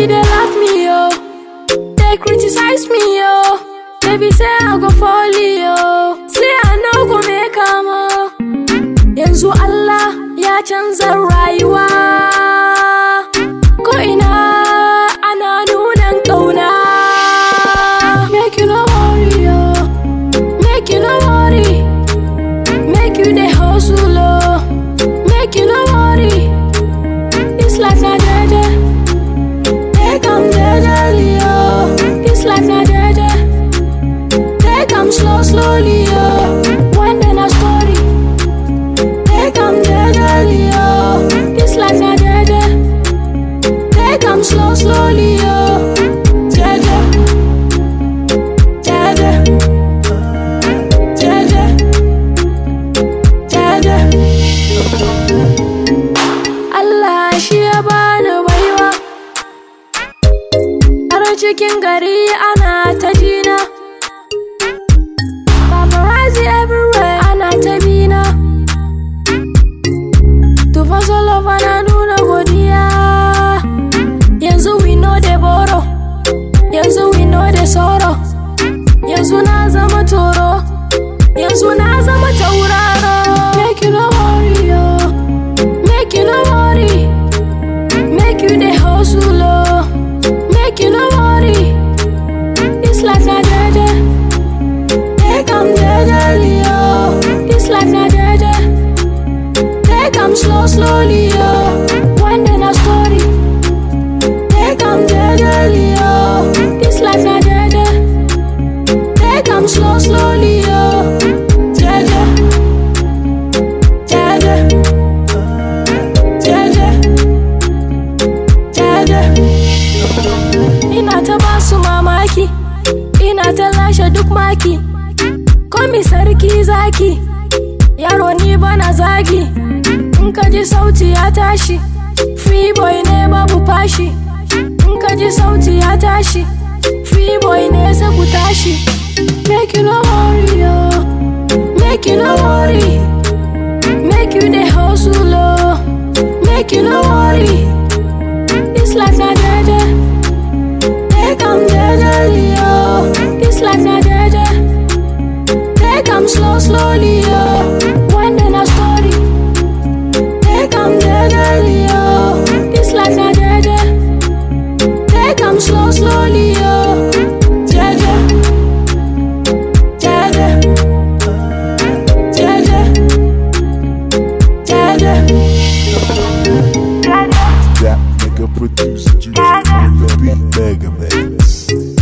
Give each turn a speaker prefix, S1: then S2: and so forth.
S1: Baby, they laugh me, yo. They criticize me, oh. yo. Baby, say I go fall, yo. Oh. Say I no go make 'em. Oh. Yanzu Allah ya canza rayuwa. slow, slowly, yo. When then I story, take am deadly, oh. This life not dead, take slow, slowly, yeah. Oh. Cikin gari ana yanzu na zama tauraro make you no worry yo make you no worry make you dey hustle o make you no worry this life na jeje take am jejely o this life na jeje take am slow slowly o. maki komi sarki zaki yaro ni bana zagi in ka ji sauti ya tashi free boy ne babu fashi in ka ji sauti ya tashi free boy ne sa ku tashi make you no worry yo make you no worry make you dey hustle o make you no worry this life na jeje. slowly, oh. Winding a story. Take them deadly, oh. It's like a dead. slow, slowly, yo. Jaja. Jaja. Jaja. Jaja. Jaja. mega producer, you. The mega mix.